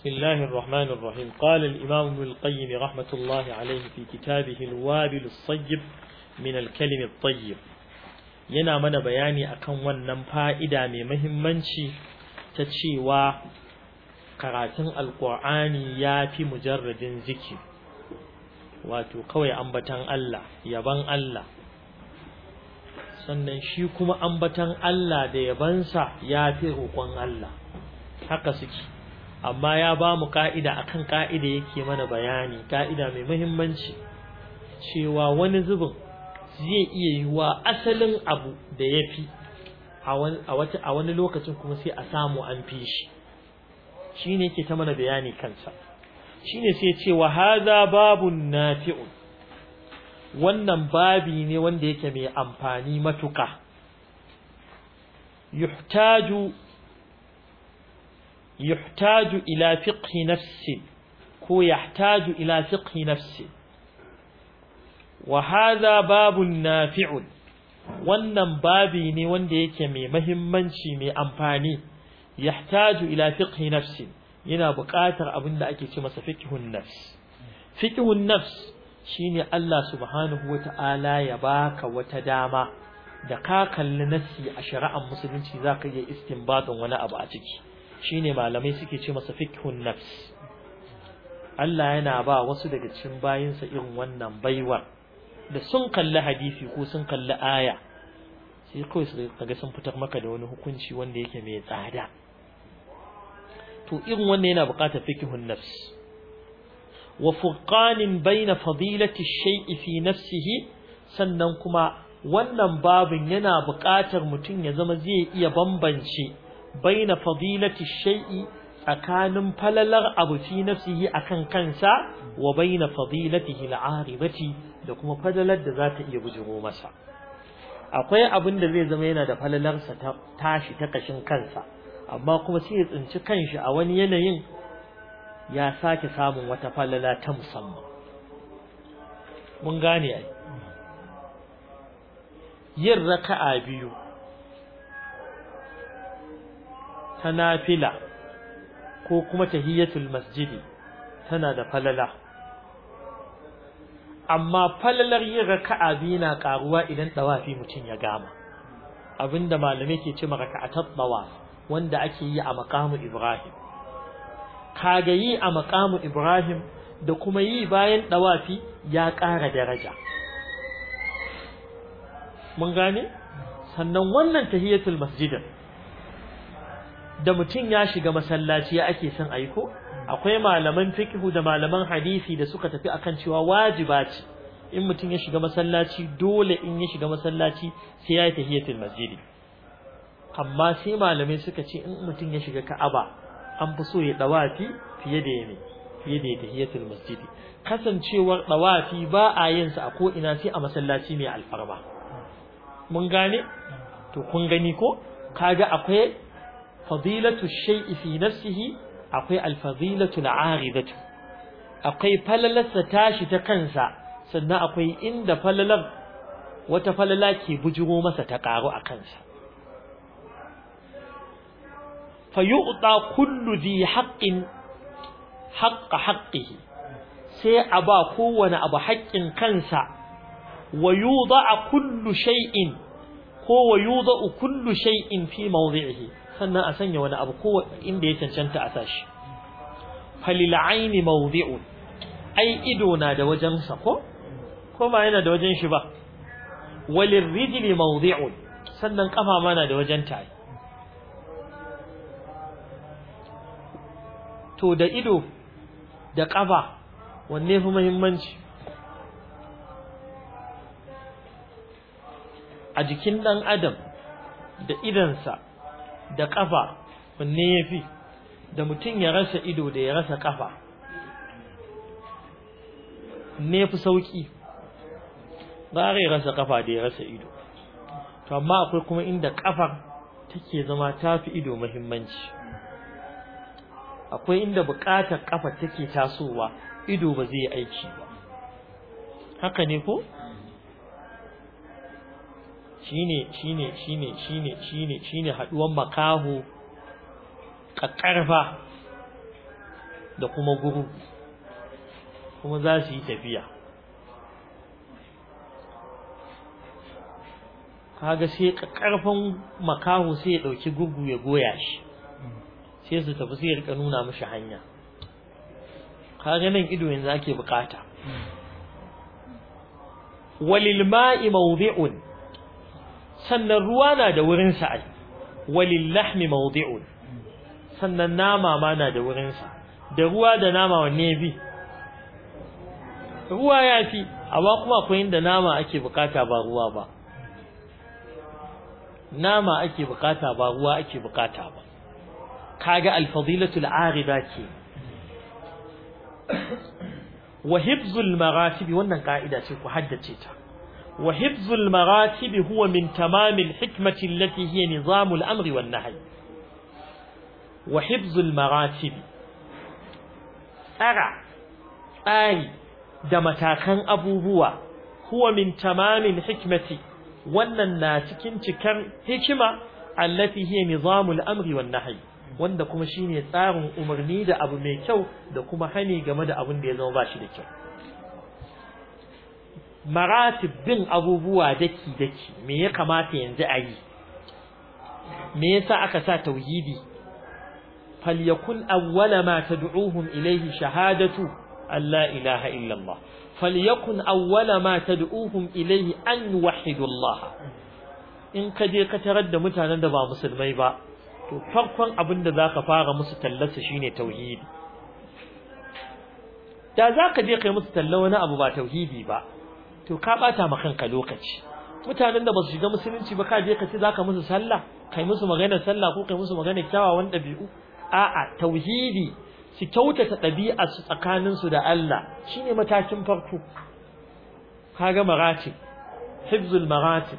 بسم الله الرحمن الرحيم قال الإمام ابن القيم رحمة الله عليه في كتابه الوابل الصيب من الكلم الطيب ينا من بياني أكن ونن فائدة من مهمنشي تتشيوا قراتن القرآن يافي مجرد ذكر wato kawai ambatan Allah yaban Allah sannan shi kuma ambatan Allah da yabansa ya fi roƙon Allah haka suke amma ya ba mu ka'ida akan ka'ida yake mana bayani ka'ida mai muhimmanci cewa wani zubin zai iya yi wa asalin abu da ya fi a wani lokacin kuma sai a samu an fi shi shi ne ke ta mana bayani kansa shi ne sai ce wa haza babun nafi'un wannan babi ne wanda yake mai amfani matuka yuhtaju yuhtaju ila fiqhi nafsin ko yahtaju ila fiqhi nafsi wa hadha babun nafi'un wannan babi ne wanda yake mai mahimmanci mai amfani yahtaju ila fiqhi nafsi yana buƙatar abin da ake ce masa fiqhun nafs fiqhun nafs shine Allah subhanahu wata'ala ya baka wata dama da ka kalli nassi a shari'ar musulunci zaka iya istinbatin wani abu a ciki shine malamai suke ce masa fikhun nafs Allah yana ba wasu daga cikin bayinsa irin wannan baiwar da sun kalli hadisi ko sun kalli aya sai kawai su daga sun fitar maka da wani hukunci wanda yake mai tsada to irin wanda yana buƙatar fikhun nafs wa furqanin baina fadilati shay'i fi nafsihi sannan kuma wannan babin yana buƙatar mutum ya zama zai iya bambance baina fadilati shay'i tsakanin falalar abu ci nafsihi akan kansa wa baina fadilatihi al'aribati da kuma falalar da za ta iya bujiro masa akwai abin da zai zama yana da falalarsa ta tashi ta kashin kansa amma kuma sai ya tsinci kanshi a wani yanayin ya sake samun wata falala ta musamman mun gane ai yin raka'a biyu ta nafila ko kuma tahiyatul masjidi tana da falala amma falalar yin raka'a biyu na karuwa idan tawafi mutum ya gama abinda malamai ke ce raka'atat tawaf wanda ake yi a maqamu Ibrahim kaga yi a maqamu Ibrahim da kuma yi bayan tawafi ya ƙara daraja mun gane sannan wannan tahiyatul masjidin da mutum ya shiga masallaci ake son aiko akwai malaman fiqhu da malaman hadisi da suka tafi akan cewa wajiba ce in mutum ya shiga masallaci dole in ya shiga masallaci sai ya yi tahiyatul masjidi amma sai malamai suka ce in mutum ya shiga Ka'aba an fi so ya dawafi fiye da yame fiye da tahiyatul masjidi kasancewar dawafi ba a yin sa a ko ina sai a masallaci mai alfarma mun gane to kun gani ko kaga akwai fadilatu shay'i fi nafsihi akwai alfadilatu al'aridatu akwai falalarsa tashi ta kansa sannan akwai inda falalar wata falala ke bujiro masa ta karu a kansa fa yu'ta kullu dhi haqqin haqqa haqqihi sai a ba kowane abu haƙƙin kansa wa yuda'a kullu shay'in ko wa kullu shay'in fi mawdi'ihi sannan a sanya wani abu ko inda ya cancanta a sashi falil aini mawdi'un ai ido na da wajen sa ko ko ba yana da wajen shi ba walil rijli mawdi'un sannan kafa ma na da wajen ta to da ido da kafa wanne fi muhimmanci a jikin dan adam da idansa da ƙafa, wanne ya fi da mutum ya rasa ido da ya rasa kafa ne fi sauƙi gara rasa ƙafa da ya rasa ido to amma akwai kuma inda ƙafar take zama ta fi ido mahimmanci akwai inda buƙatar ƙafa take tasowa ido ba zai aiki ba haka ne ko shine shine shine shine shine shine haduwan makahu kakkarfa da kuma guru kuma za su yi tafiya kaga sai kakkarfan makahu sai ya dauki gugu ya goya shi sai su tafi sai ya rika nuna mishi hanya kaga nan ido yanzu ake bukata hmm. walil ma'i mawdi'un sannan ruwa na da wurinsa sa ai walil lahmi mawdi'un sannan nama ma na da wurinsa. da ruwa da nama wanne bi ruwa ya yafi amma kuma akwai inda nama ake bukata ba ruwa ba nama ake bukata ba ruwa ake bukata ba kaga al-fadilatul arida ce wa hibzul marasibi wannan ka'ida ce ku haddace ta وحفظ المراتب هو من تمام الحكمة التي هي نظام الأمر والنهي وحفظ المراتب أرى آي دمتاكن أبو هو هو من تمام الحكمة wannan na cikin cikar hikima a hiya nizamul amri wan wanda kuma shine tsarin umarni da abu mai kyau da kuma hani game da abin da ya zama bashi da kyau maratib abubuwa daki daki me ya kamata yanzu a yi me yasa aka sa tauhidi falyakun awwala ma tad'uhum shahadatu Allah ilaha illa falyakun awwala ma ilaihi ilayhi an yuwahhidu in ka je ka tarar da mutanen da ba musulmai ba to farkon abin da zaka fara musu tallasa shine tauhidi da ka je kai musu talla wani abu ba tauhidi ba to ka bata ma kanka lokaci mutanen da ba su shiga musulunci ba ka je ka ce zaka musu sallah kai musu magana sallah ko kai musu magana kyawawan dabi'u a'a tauhidi su kyautata ɗabi'a su tsakanin su da Allah shine matakin farko kaga maratib hifzul maratib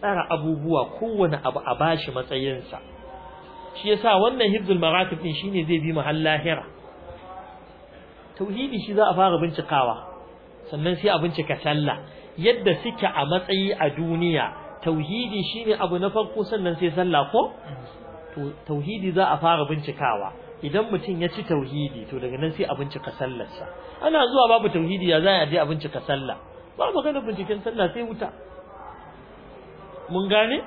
tsara abubuwa kowane abu a bashi matsayinsa shi yasa wannan hifzul ɗin din shine zai bi mu lahira tauhidi shi za a fara bincikawa sannan sai a bincika sallah yadda suke a matsayi a duniya tauhidi shine abu na farko sannan sai sallah ko to tauhidi za a fara bincikawa idan mutum ya ci tauhidi to daga nan sai a bincika sallarsa ana zuwa babu tauhidi ya za a je a bincika sallah ba gane binciken salla sai wuta mun gane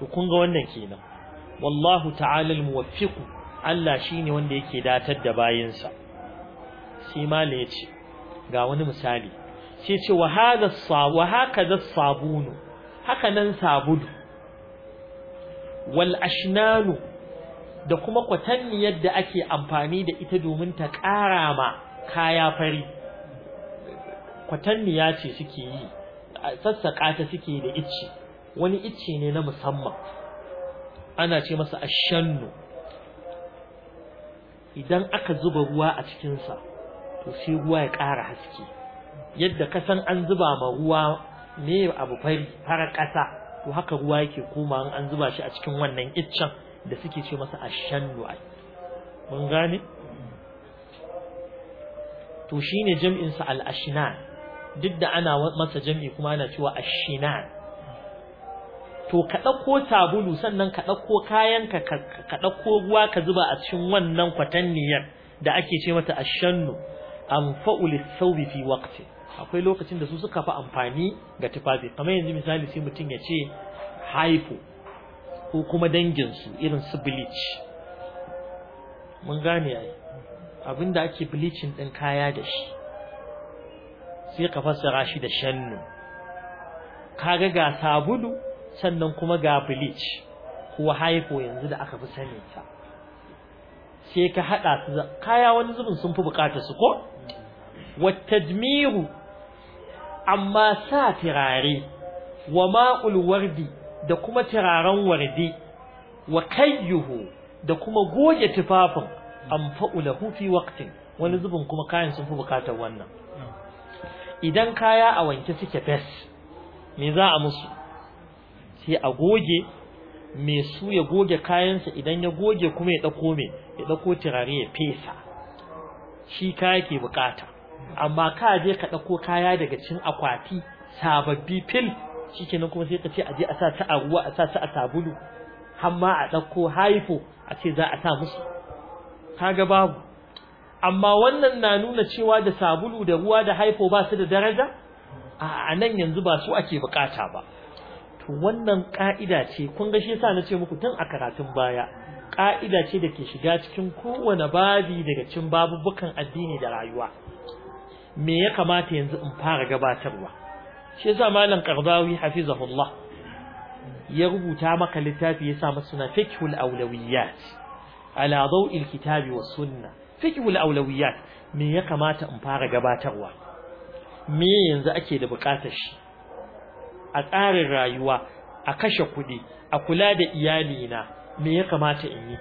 to kun ga wannan kenan wallahu ta'ala al-muwaffiq Allah shine wanda yake datar da bayinsa sai mala ce ga wani misali sai ce wa hada wa sabunu haka nan sabudu wal ashnanu da kuma kwatanniyar da ake amfani da ita domin ta ƙara ma kaya fari kwatanniya ce suke yi sassaƙa ta suke da icce wani icce ne na musamman ana ce masa ashannu idan aka zuba ruwa a cikinsa to sai ruwa ya ƙara haske yadda ka san an zuba ma ruwa me abu fari fara ƙasa to haka ruwa yake koma an zuba shi a cikin wannan iccen da suke ce masa ashannu ai mun gane to shine jam'in sa al-ashnan duk da ana masa jam'i kuma ana cewa Ashina, to ka ɗauko sabulu sannan ka dauko kayan ka dauko ruwa ka zuba a cikin wannan kwatanniyar da ake ce mata ashannu anfa'u thawbi fi waqti akwai lokacin da su suka fi amfani ga tufafi kamar yanzu misali sai mutum ya ce haifu ko kuma danginsu irin su bleach mun gane ai abinda ake bleaching din kaya da shi sai ka fassara shi da shannu kaga ga sabulu sannan kuma ga bleach ko haifo yanzu da aka fi sanin sa sai ka hada su kaya wani zubin sun fi bukatar su ko watadmiru amma sa tirare wa wardi da kuma tiraren warden wa kaiyuhu da kuma goge tufafin amfa ula hufi wakati wani zubin kuma kayan sun fi bukatan wannan. Idan kaya a wanke sike fes me za a musu sai a goge mai su ya goge kayansa idan ya goge kuma ya dauko me ya dauko tirare ya fesa shi kaya ke bukata. amma ka je ka ɗauko kaya daga cin akwati sababbi fil shikenan kuma sai ka ce a je a sa ta a ruwa a sa ta a sabulu hamma a ɗauko haifo a ce za a sa musu kaga babu amma wannan na nuna cewa da sabulu da ruwa da haifo ba su da daraja a nan yanzu ba su ake bukata ba to wannan ka'ida ce kun ga shi yasa na ce muku tun a karatun baya ka'ida ce da ke shiga cikin kowane babi daga cin babubukan addini da rayuwa me ya kamata yanzu in fara gabatarwa shi yasa malam qardawi hafizahullah ya rubuta maka littafi ya masa suna fiqhul awlawiyat ala dawi kitabi was sunnah fiqhul awlawiyat me ya kamata in fara gabatarwa me yanzu ake da bukatar shi a tsarin rayuwa a kashe kuɗi a kula da iyali na me ya kamata in yi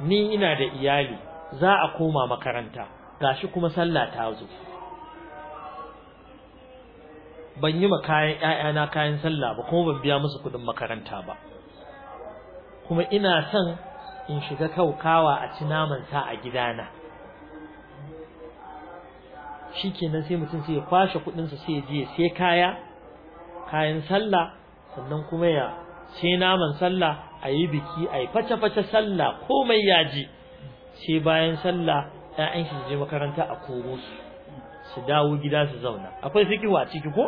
ni ina da iyali za a koma makaranta gashi kuma sallah ta zo ban yi ma kayan ƴaƴana kayan sallah ba kuma ban biya musu kuɗin makaranta ba kuma ina son in shiga kaukawa a ci naman sa a gidana shikenan sai mutum sai ya kwashe kuɗin sa sai ya je sai kaya kayan sallah sannan kuma ya sai naman sallah a yi biki a yi face face sallah komai ya ji sai bayan sallah yayan shi je makaranta a koro su su dawo gida su zauna akwai fikihu a ciki ko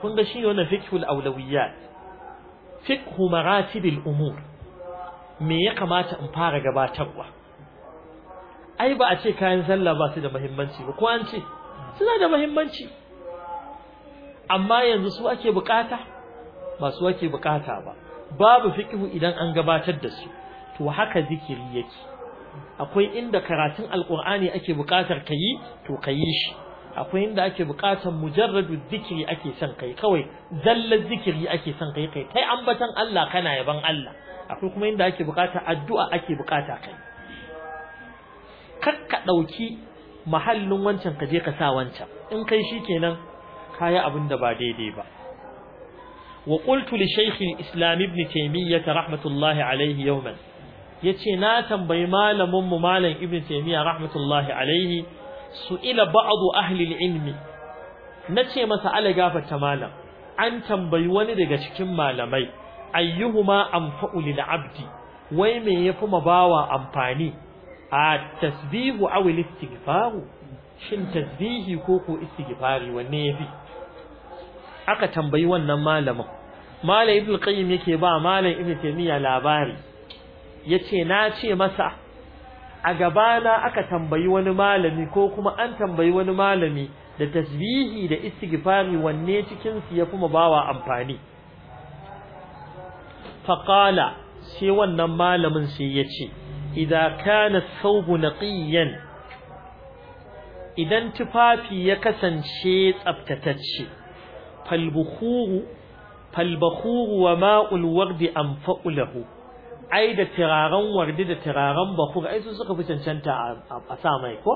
kun ga shi wannan fikihul aulawiyat fikhu maratibil umur me ya kamata in fara gabatarwa ai ba a ce kayan sallah ba su da muhimmanci ba ko an ce suna da muhimmanci amma yanzu su ake bukata ba su ake bukata ba babu fikihu idan an gabatar da su to haka zikiri yake akwai inda karatun alkur'ani ake buƙatar ka to ka shi akwai inda ake buƙatar mujarradu zikiri ake son kai kawai zallar zikiri ake son kai kai kai ambatan Allah kana yaban Allah akwai kuma inda ake buƙata addu'a ake buƙata kai kar ka ɗauki mahallin wancan ka je ka sa wancan in kai shi kenan kayi abin da ba daidai ba وقلت لشيخ الإسلام ابن تيمية رحمة الله عليه yace na tambayi malamin mu malam ibnu taymiya rahmatullahi alaihi su'ila ba'adu ahli ilmi. Na ce masa ala gafarta malam an tambayi wani daga cikin malamai ayyuhuma anfa'u lil abdi wai me yafi mabawa amfani a tasbihu aw al-istighfar shin tasbihi ko ko istighfari wanne yafi aka tambayi wannan malamin malam ibnu qayyim yake ba malam ibnu taymiya labari yace na ce masa a gabana aka tambayi wani malami ko kuma an tambayi wani malami da tasbihi da istighfari wanne cikin su yafi bawa amfani faqala sai wannan malamin sai yace idan kana thawbu naqiyan idan tufafi ya kasance tsaftatacce falbukhuru falbukhuru wa ma'ul wardi anfa'u ai da tiraren wardi da tiraren bakur ai suka fi cancanta a sa mai ko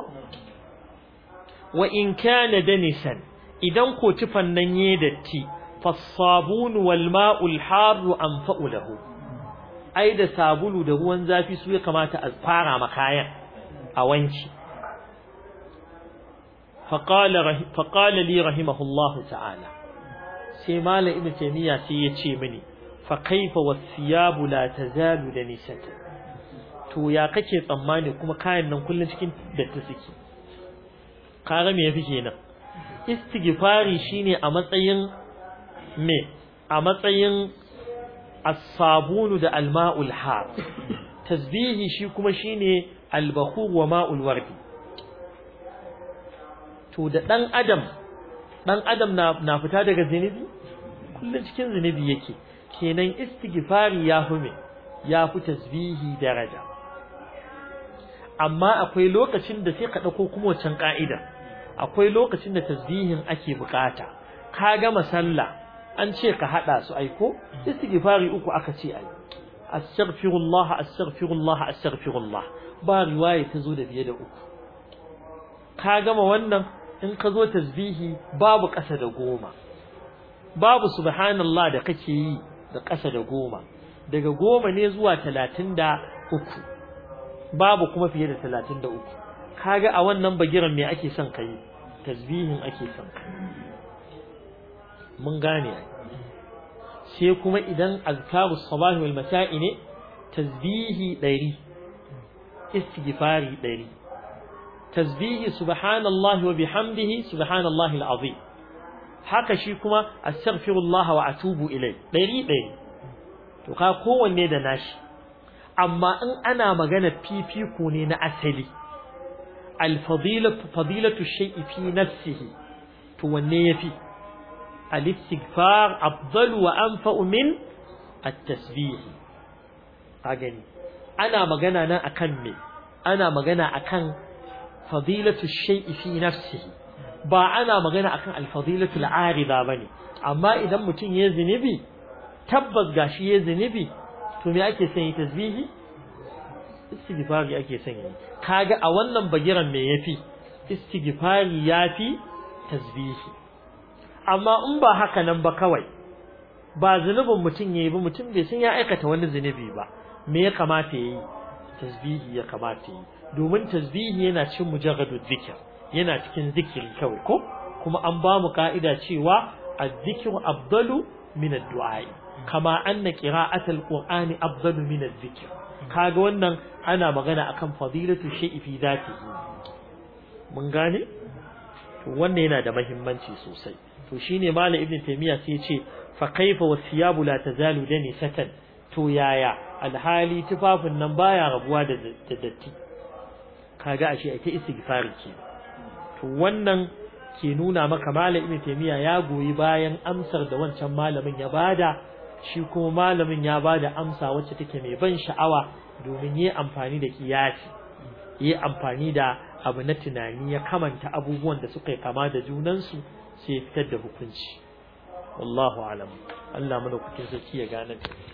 wa in kana danisan idan ko tufan nan ya datti fasabun wal ma'ul haru anfa'u lahu ai da sabulu da ruwan zafi su ya kamata a fara makayan a wanki فقال فقال لي رحمه الله sai malam ibnu taymiya sai ya ce mini fa kaifa wasiyabu la tazalu da nisat to ya kake tsammani kuma kayan nan kullun cikin datti suke kaga me yafi kenan istighfari shine a matsayin me a matsayin as-sabunu da al-ma'ul har tasbihi shi kuma shine al-bakhur wa ma'ul to da dan adam dan adam na, na fita daga zinubi kullun cikin zinubi yake kenan istighfari ya fi ya fi tasbihi daraja amma akwai lokacin da sai ka dauko kuma wancan ka'ida akwai lokacin da tasbihin ake bukata ka gama sallah an ce ka hada su aiko istighfari uku aka ce ai astaghfirullah astaghfirullah astaghfirullah ba riwaya ta zo da biye da uku ka gama wannan in ka zo tasbihi babu ƙasa da goma babu subhanallah da kake yi ga ƙasa da goma daga goma ne zuwa talatin da uku babu kuma fiye da talatin da uku kaga a wannan bagiran me ake son ka tasbihin ake son ka mun gane sai kuma idan azkaru sabahi wal mata'i ne tasbihi ɗari istighfari ɗari tasbihi subhanallahi wa bihamdihi subhanallahi al'azim haka shi kuma astaghfirullah wa atubu ilai ɗari ɗari to ka kowanne da nashi amma in ana magana fifiku ne na asali alfadilatu fadilatu shay'i fi nafsihi to wanne yafi al-istighfar afdalu wa anfa'u min at-tasbih ana magana nan akan me ana magana akan fadilatu shay'i fi nafsihi ba ana magana akan alfadilatul arida bane amma idan mutum ya zinubi tabbas gashi ya zinubi to me ake san yi tasbihi istighfari ake san yi kaga a wannan bagiran me yafi istighfari yafi tasbihi amma in ba haka nan ba kawai ba zunubin mutum yayi ba mutum bai san ya aikata wani zunubi ba me ya kamata yayi tasbihi ya kamata yayi domin tasbihi yana cin mujarradud zikr yana cikin zikiri kawai ko kuma an ba mu ka'ida cewa az-zikru afdalu min dua kama anna qira'atul qur'ani afdalu min az kaga wannan ana magana akan fadilatu shay'i fi dhatihi mun gane to wannan yana da muhimmanci sosai to shine malam ibn taymiya sai ya ce fa kaifa wasiyabu la tazalu dani satan to yaya alhali tufafin nan baya rabuwa da datti kaga ashe ake istighfar kenan wannan ke nuna maka malamin ibn taymiya ya goyi bayan amsar da wancan malamin ya bada shi kuma malamin ya bada amsa wacce take mai ban sha'awa domin yi amfani da kiyaci yi amfani da abu na tunani ya kamanta abubuwan da suka kama da junansu sai fitar da hukunci wallahu alam Allah mana kuke zaki ya gane